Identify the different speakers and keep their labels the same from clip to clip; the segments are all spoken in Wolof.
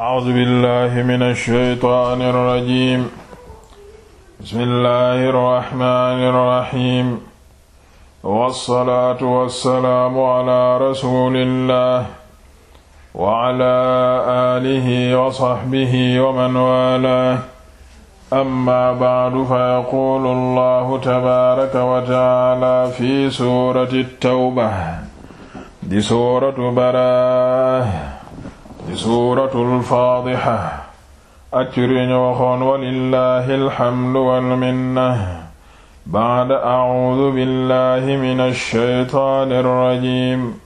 Speaker 1: A'uuzu billaahi mina shaytaani rajiim. Bismillaahi rahmaani rahiim. Wassalaatu wassalaamu alaa rasuulillaah wa alaa aalihi wa sahbihi wa man waalaah. Ammaa ba'du fa yaquulu Allaahu tabaaraka wa ta'aalaa fi suurati Tawba, di suuratu Baraah. di suuratul faadiha ak ci riñu waxoon walillahi alhamdu walminna ba'da a'uudu billahi minash shaytaanir rajiim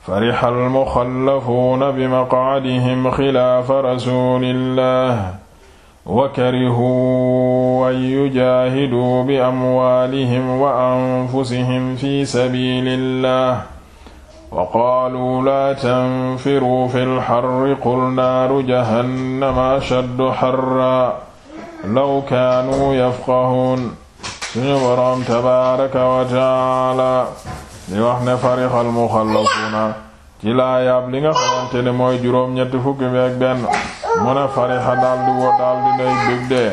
Speaker 1: fariha almuxallafuuna bimaq'adihim xilaafa rasuulillah wa karihuu an yujaahiduu bi amwaalihim wa anfusihim fi sabiilillah wa qaaluu laa tanfiruu fi lxarri qul naaru jahannama ashaddu xarra law kaanuu yafqahuun suñu boroom tabaaraka wa taala li wax ne farixa almuxallafuuna ci laayaab li nga xamante ne mooy juróom-ñetti fukki beeg benn mu ne farixa daal di wo daal di nay bég dee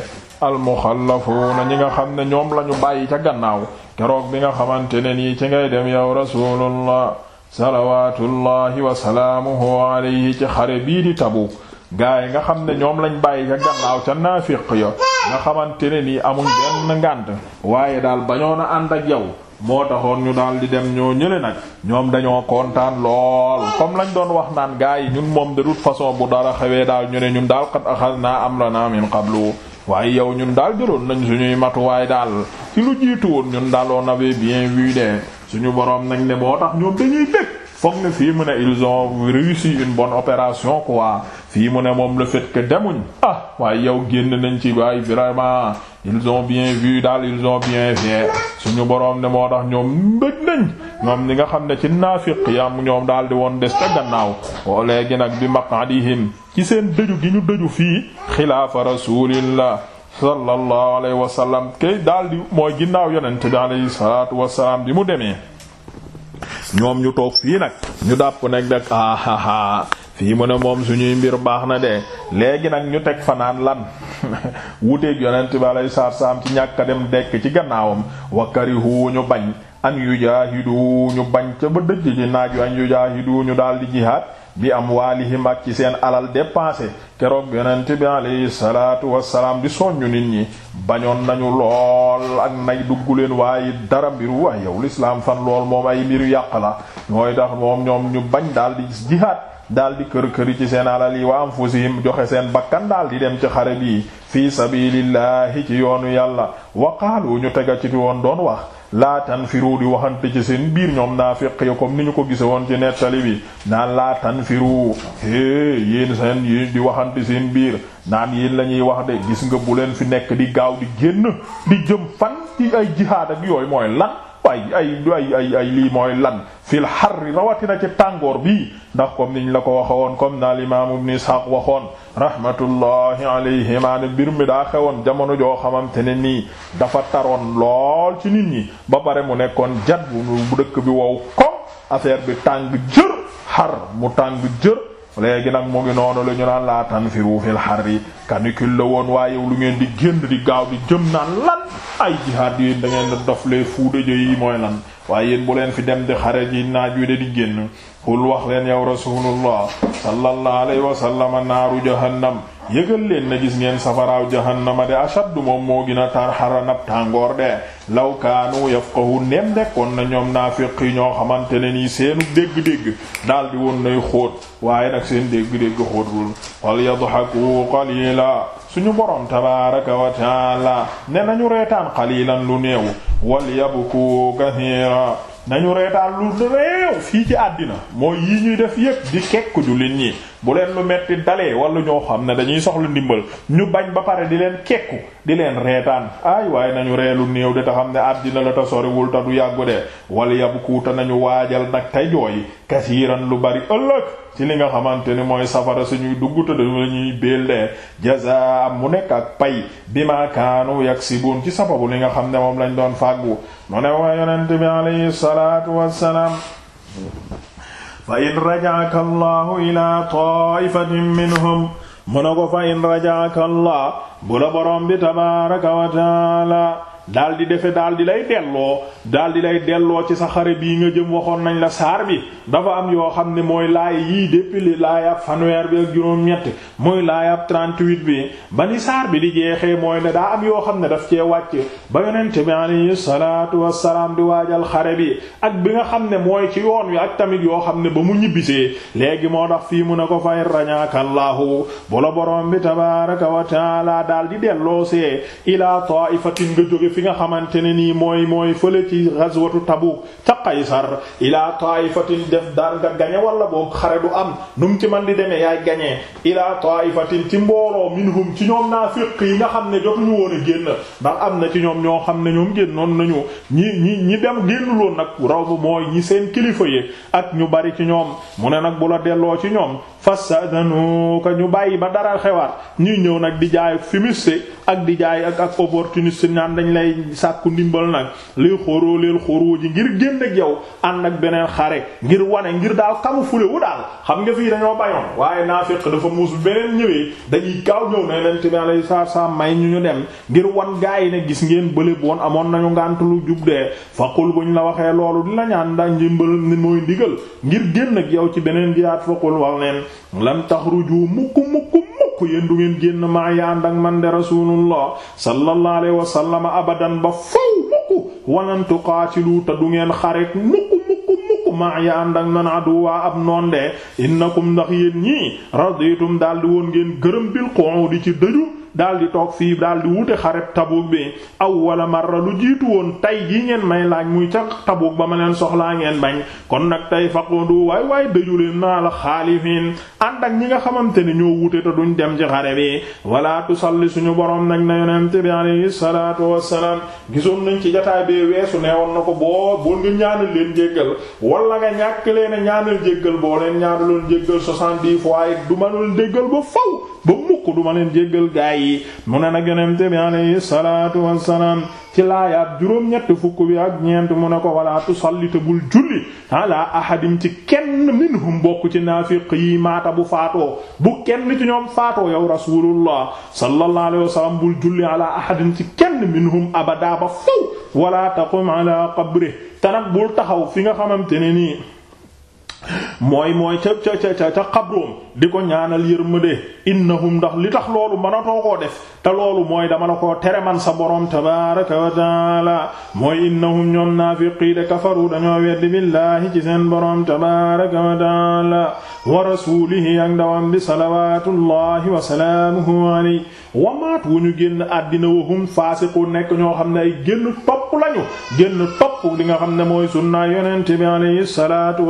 Speaker 1: ñi nga xam ne ñoom lañu bàyyi ca gannaaw keroog bi nga xamante ne nii ngay dem yow rasuulullah salawaatullahi wa salaamuhu alayhi ci xare bii di Tabuk
Speaker 2: gaa yi nga xam ne ñoom lañ bàyyi ca gannaaw ca naafiq ya nga xamante ne nii amuñ benn ngànt waaye daal bañoo na ànd ak yow moo taxoon ñu daal di dem ñoo ñële nag ñoom dañoo kontaan lool comme lañ doon wax naan gaa yi ñun moom de toute façon bu dara xewee daal ñu ne ñun daal qad axadnaa amranaa min qablu waaye yow ñun daal jëloon nañ matu matuwaay daal ci lu jiitu woon ñun daaloon avait bien vu suñu boroom nañ ne boo tax ñoom dañuy bëgg foog ne fii mu ne ils ont réussi une bonne opération quoi fii mu ne moom la fait que demuñ ah waaye yow génn nañ ci waaye vraiment ils ont bien vu daal ils ont bien fait suñu boroom ne moo tax ñoom mbëgg nañ ñoom ñi nga xam ne ci naafiq yam ñoom daal di woon des ca gannaaw woo léegi nag bi maqadihim ci seen dëju gi ñu dëju fii xilaafa rasulillah sallallahu alayhi wa sallam kay daal di mooy ginnaaw yonent bi alayhi salaatu wasalaam bi mu demee ñoom ñu toog fii nag ñu dàpp nag dak ahaha fii mu ne moom suñuy mbir baax na de léegi nag ñu teg fanaan lan wuteeg yonent bi alayhi salaatu wasalaam ci ñàkk dem dekk ci gannaawam wakarihu ñu bañ an yujaahidu ñu bañ ca ba dëj ci naaj an yujaahidu ñu daal di jihaad bi amwaalihim ak ci seen alal dépensé keroog yonent bi alayhi salaatu wassalaam di soññu nit ñi bañoon nañu lool ak nay dugg leen waaye dara mbiru waay yow lislaam fan lool moom ay mbiru yàq la ñooy tax moom ñoom ñu bañ daal di jihaad daal di kër këri ci seen alal yi wa anfusihim joxe seen bakkan daal di dem ci xare bi fii sabilillahi ci yoonu yàlla wa wu ñu tega ci woon doon wax laa tanfiru di waxante ci seen biir ñoom naafiq yi comme ni ñu ko gise woon ci nettali bi naan laa tanfiru é yéen seen yéen di waxante seen biir naan yiin la ñuy wax de gis nga bu leen fi nekk di gaaw di génn di jëm fan ci ay jihaad ak yooyu mooy lan ay ay ay ay ay lii mooy lan fil harri rawatina ci tàngoor bii ndax comme niñ la ko waxe woon comme na al imaam ibn Ishaq waxoon rahmatullahi alayhima ne mbir mi daa xewoon jamono joo xamante ne nii dafa taroon lool ci nit yi ba pare mu nekkoon jat bu dëkk bi wow ko affaire bi tàng jër xar mu tàng jër léegi nag mu ngi noonu la ñu naan laa tanfiru fil harri canicule la woon waaye lu ngeen di génn di gaaw di jëm naan lan ay jihaad yi da ngeen dof les fous de yi mooy lan waaye yéen bu leen fi dem di xare ji naaj wi de di génn xul wax leen yow rasulullah sallallahu alayhi wa sallam naaru jahannam yëgal leen na gis ngeen safaraaw jahannama de ashaddu moom moo gën a tar xaranab tàngoor de law kaanu yafqahu nekkoon na ñoom naafiq yi ñoo xamante ne nii seenu dégg-dégg daal di woon nay xóot waaye nag seen dégg-dégg xóotul wal yadhaku qalila suñu borom tabaaraka wa taala ne nañu reetaan qalilan lu néew wal yabku kathira nañu reetaan lu réew fii ci àddina mooy yi ñuy def yépp di kekk jullit ñi bu leen lu metti dalee wala ñoo xam ne dañuy soxla ndimbal ñu bañ ba pare di leen kekku di leen reetaan ay waaye nañu lu néew de te xam ne àddina la ta soriwul ta du yàggu de wala yabu kuuta nañu waajal nag tey jooyi kasiiran lu bari ëllëg ci li nga xamante ni mooy safara suñuy dugg te dañu la ñuy béel de jazaa mu nekk ak pay bi ma kaanu yaksibun ci sababu li nga xam ne moom lañ doon fàggu mu ne wa yonent bi alayhi salaatu wassalaam fa in rajaaka allahu ila taifatin minhum mu ne ko fa in rajaaka allah bu la borom bi tabaaraka wa taala daal di defe daal di lay delloo daal di lay delloo ci sa xare bi nga jëm waxoon nañ la saar bi dafa am yoo xam ne mooy laay yii depuis li laayab fanweer bi ak juróom-ñett mooy laayab 38 bi ba ni saar bi di jeexee mooy ne daa am yoo xam ne daf cee wàcc ba yonent bi alayhi salaatu wassalaam di waajal xare bi ak bi nga xam ne mooy ci yoon wi ak tamit yoo xam ne ba mu ñibbisee léegi moo dax fii mu ne ko fay rañaakallahu bu la borom bi tabaaraka daal di delloosee ilaa fi nga xamante ne nii mooy mooy fële ci ghazwatu Tabuk ca Qaysar ilaa taifatin def daan nga gañe wala boo xare du am nu ci man di demee yaay gañee ilaa taifatin ci mbooloo minhum ci ñoom naa naafiq yi nga xam ne jotuñu woon a génn ndax am na ci ñoom ñoo xam ne ñoom génnoon nañu ñi ñi ñi dem génnuloon nag raw mooy ñi seen kilifa yi ak ñu bari ci ñoom mu ne nag bu la delloo ci ñoom fasadanoka ñu bàyyi ba dara xewaat ñuy ñëw nag di jaay ak ak di jaay ak ak opportuniste ñaan dañ lay sàkku ndimbal nag liy xoroo leel xoroo ji ngir génn ak yow ànd ak beneen xare ngir wane ngir daal kamu fule wu daal xam nga fii dañoo bayoon dafa muus beneen ñëwee dañuy gaaw ñëw ne leen tamit alayhi salaatu may ñu ñu dem ngir wan gaa yi ne gis ngeen bële woon amoon nañu ngànt lu jub dee bu ñu la waxee loolu di la ñaan ndax ndimbal ni mooy ndigal ngir génn ak yow ci beneen jiyaat faqul wax leen lam taxruju mukk mukk mukk yéen du ngeen génn maa yaa ànd ak man de rasulullah sallallahu alayhi wa sallam abadan ba faw mukk walan tuqaatilu te du ngeen xareet mukk ma ya ànd ak man aduwaa ab noon de innakum ndax yéen ñii raditum daldi woon ngeen gërëm bil qu'udi ci dëju daal di toog fii daal di wute xareb Tabuk bi aw awwala marra lu jiitu woon tey jii ngeen may laaj muy ca Tabuk ba ma leen soxlaa ngeen bañ kon nag tey faqudu waay waay dëju leen naa la xaalifiin ànd ak ñi nga xamante ni ñoo wute te duñ dem ci xare bi wala tusalli suñu borom nag na yonent bi alayhi salaatu wassalaam gisoon nañ ci jotaay bee weesu nee woon na ko boo boo nga ñaanal leen jéggal wala nga ñàkk leen a ñaanal jéggal boo leen ñaanaloon jéggal soixante-dix fois du mënul jéggal ba mukk duma leen jéggal gaay yi mu ne nag yonente bi alayhi salaatu wassalaam ci laayaat juróom-ñett fukk bi ak ñeent mu ne ko wala tusallit bul julli ala ahadim ci kenn minhum bokk ci naafiq yi maata bu faatoo bu kenn ci ñoom faatoo yow rasulullah sallallahu alayhi wasallam bul julli ala ahadin ci kenn minhum abada ba faw wala taqum ala qabri te nag bul taxaw fi nga xamante ne mooy mooy ca ca ca ca xabroom di ko ñaanal yërmande innahum ndax li tax loolu mënatoo koo def te loolu mooy dama la koo tere man sa boroom tabaaraka wa taala mooy innahum ñoom naafiqi de kafaru dañoo weddi billaahi ci seen boroom tabaaraka wa taala wa rasuulihi ak ndawam bi salawaatullaahi wa salaamuhu alayhi wa maat wu ñu génn àddina wa hum faasiqu nekk ñoo xam ne ay génn topp lañu génn topp li nga xam ne mooy sunna yonent bi alayhi salaatu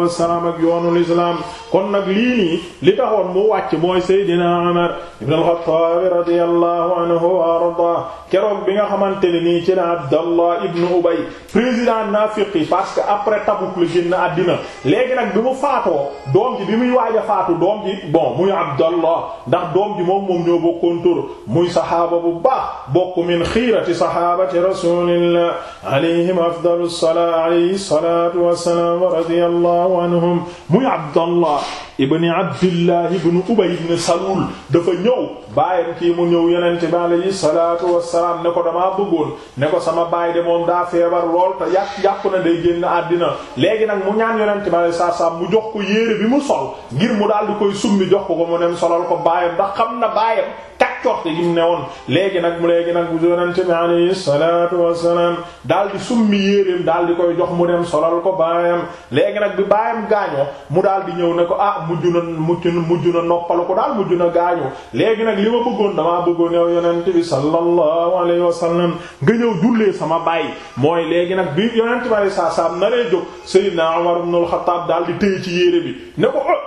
Speaker 2: islaam kon nag lii nii li taxoon mu wàcc mooy Seydina Umar ibn al-Khattab radiyallahu anhu wa ardaa keroog bi nga xamante ne nii ci na Abdallah ibn Ubay président nafiqi parce que après Tabuk la génn àddina léegi nag bi mu faatoo doom ji bi muy waaj a faatu doom ji bon muy Abdallah ndax doom ji moom moom ñoo bokkoon tur muy saxaaba bu baax bokk min xiirati saxaabati rasulillah alayhim afdalus salaatu alayhi salaatu wassalaam radiyallahu anhum abdallah ibni abdillah ibnu ubay ibn salul dafa ñëw baayam kii mu ñëw yonente bi alayhi salaatu wassalaam ne ko damaa bëggoon ne ko sama baay de moom daa feebar lool te yàq yàpp na day génn àddina léegi nag mu ñaan yonente bi alayhi salaatu wassalaam mu jox ko yéere bi mu sol ngir mu daal di koy summi jox ko ko mu nem solal ko baayam ndax xam na baayam kaccoorte gi mu ne woon léegi nag mu léegi nag bu yonente bi alayhi salaatu wassalaam daal di summi yéeréem daal di koy jox mu dem solal ko baayam léegi nag bi baayam gaañoo mu daal di ñëw ne ko ah mujj na mujj na mujj na noppalu ko daal mujj na gaañoo léegi nag li ma bëggoon damaa bëggoon yow yonente bi sallallahu alayhi wasallam nga ñëw jullee sama baay mooy léegi nag bi yonente bi alayhi salaam na lay jóg Seydina Umar ibn al-Khattab daal di téye ci yéere bi ne ko oh,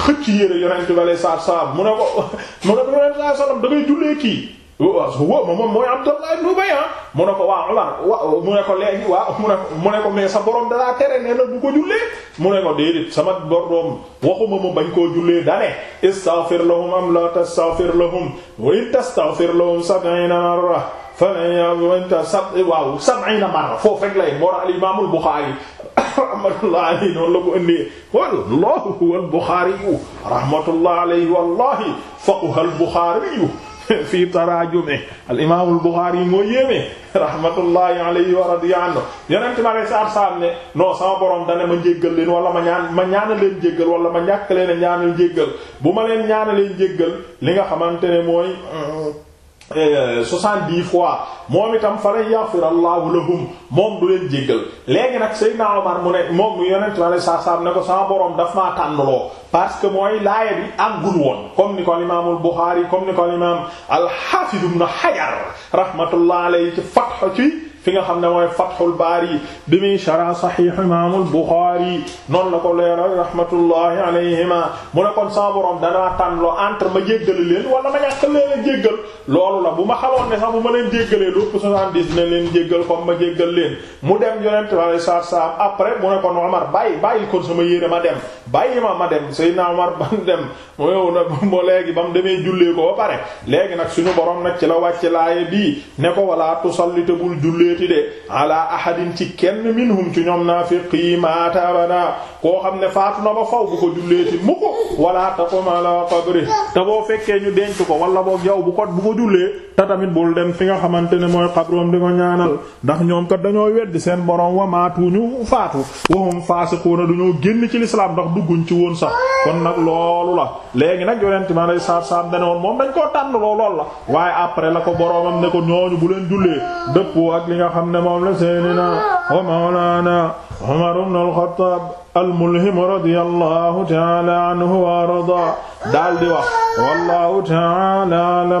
Speaker 2: xëcc yéere yonente bi alayhi salaam mu ne ko mu ne ko yonente bi alayhi salaam ngay jullee kii huwa oh, ah, moom mooy Abdallah ibn Ubay ah. mu ne ko waa Umar wa mu ne ko léegi waa mu ne mu ne ko mais sa borom dalaa tere nee na bu ko jullee mu ne ko déedéet sama borom waxuma mu bañ koo jullee dane istaghfir lahum am la tastaghfir lahum wa in tastaghfir lahum sab'ina marra falan ya'lamu sab waaw sab'ina marra foofu rek lay mor al imaamul Buxaari rahmatullah alayhi noonu la ko ëndee wallahu huwal Buxaari rahmatullah alayhi wallahi faqhal Buxaari fii taraajume al imaamul Buxaari yi moo yéeme rahmatullahi alayhi wa radiya anhu yonent ma lay saar saam ne non sama borom dane ma njéggal leen wala ma ñaan ma ñaana leen njéggal wala ma ñàkk leen a ñaanal njéggal bu ma leen ñaana leen njéggal li nga xamante ne mooy euh, Eh, eh, soixante-dix fois moom itam falan yaghfir allahu lahum moom du leen jéggal léegi nag Seydina Omar mu ne moom mu yonent ma ne saa saam ne ko sama boroom parce que mooy laaya bi àggul woon comme ni al imaamul Buxaari comme ni ko al imaam al-Hafiz ibn rahmatullah alayhi ci fi nga xam ne mooy Fathul Baari bi muy shara Sahih Imaam al-Bukhari noonu la ko leeral rahmatullahi alayhima mu ne kon sa borom ma jéggal leen leen a jéggal loolu la bu ma xamoon ne sax ma leen jéggalee lu ëpp soixante-dix dina leen jéggal comme leen mu dem yonent wala saar saam après mu ne kon Omar bàyyi bàyyi kon sama yére ma dem bàyyi ma ma dem Seydina Omar ba mu dem moyow nag moo léegi ba mu demee jullee ko ba pare léegi nag suñu borom nag ci la wàcc laaye bi ne ko walaa tusallita bul julleeti de ala ahadin ci kenn minhum ci ñoom naafiq yi maata abada koo xam ne faatu na ba faw bu ko julleeti mu ko walaa taqum ala qabri te boo fekkee ñu denc ko wala boog jullee te tamit bul dem fi nga xamante ne mooy xabroom di ko ñaanal ndax ñoom kat dañoo weddi seen borom wa maatuñu faatu waxum faasiquuna duñoo génn ci lislaam ndax dugguñ ci woon sax kon nag loolu la léegi nag yonent ma lay saab saab dane woon moom dañ koo tànn loo lool la waaye après la ko boroomam ne ko ñooñu bu leen jullee dëppoo ak li nga xam ne moom la seydina wa mawlaana Umar ibn al-Khattab al-mulhim
Speaker 1: radiyallahu ta'ala anhu wa arda daldi wax wallahu ta'ala